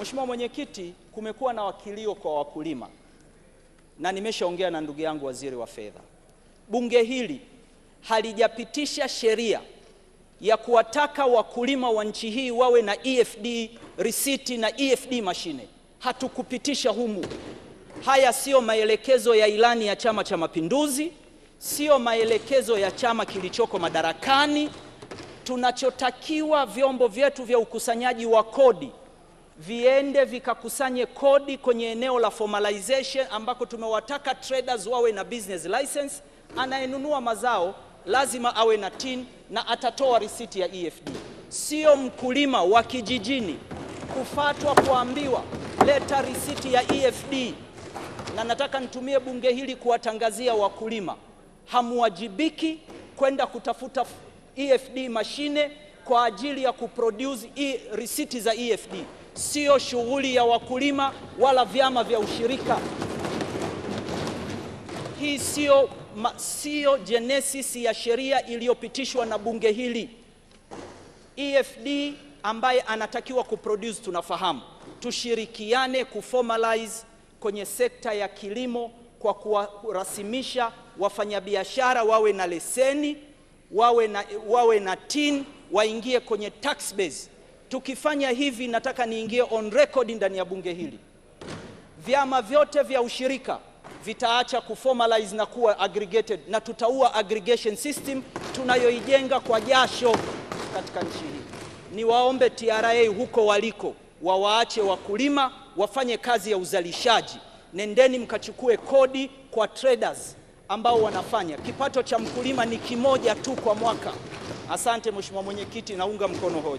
Mheshimiwa Mwenyekiti, kumekuwa na wakilio kwa wakulima na nimeshaongea na ndugu yangu waziri wa fedha. Bunge hili halijapitisha sheria ya kuwataka wakulima wa nchi hii wawe na EFD risiti na EFD mashine, hatukupitisha humu. Haya siyo maelekezo ya ilani ya Chama cha Mapinduzi, siyo maelekezo ya chama kilichoko madarakani. Tunachotakiwa vyombo vyetu vya ukusanyaji wa kodi viende vikakusanye kodi kwenye eneo la formalization ambako tumewataka traders wawe na business license. Anayenunua mazao lazima awe na TIN na atatoa risiti ya EFD. Sio mkulima wa kijijini kufatwa kuambiwa leta risiti ya EFD. Na nataka nitumie bunge hili kuwatangazia wakulima, hamuwajibiki kwenda kutafuta EFD mashine kwa ajili ya kuproduce e risiti za EFD, sio shughuli ya wakulima wala vyama vya ushirika. Hii sio sio genesis ya sheria iliyopitishwa na bunge hili. EFD ambaye anatakiwa kuproduce, tunafahamu, tushirikiane kuformalize kwenye sekta ya kilimo kwa kuwarasimisha wafanyabiashara wawe na leseni wawe na, wawe na tin waingie kwenye tax base. Tukifanya hivi, nataka niingie on record ndani ya bunge hili, vyama vyote vya ushirika vitaacha kuformalize na kuwa aggregated na tutaua aggregation system tunayoijenga kwa jasho katika nchi hii. Niwaombe TRA huko waliko wawaache wakulima wafanye kazi ya uzalishaji. Nendeni mkachukue kodi kwa traders ambao wanafanya. Kipato cha mkulima ni kimoja tu kwa mwaka. Asante Mheshimiwa Mwenyekiti, naunga mkono hoja.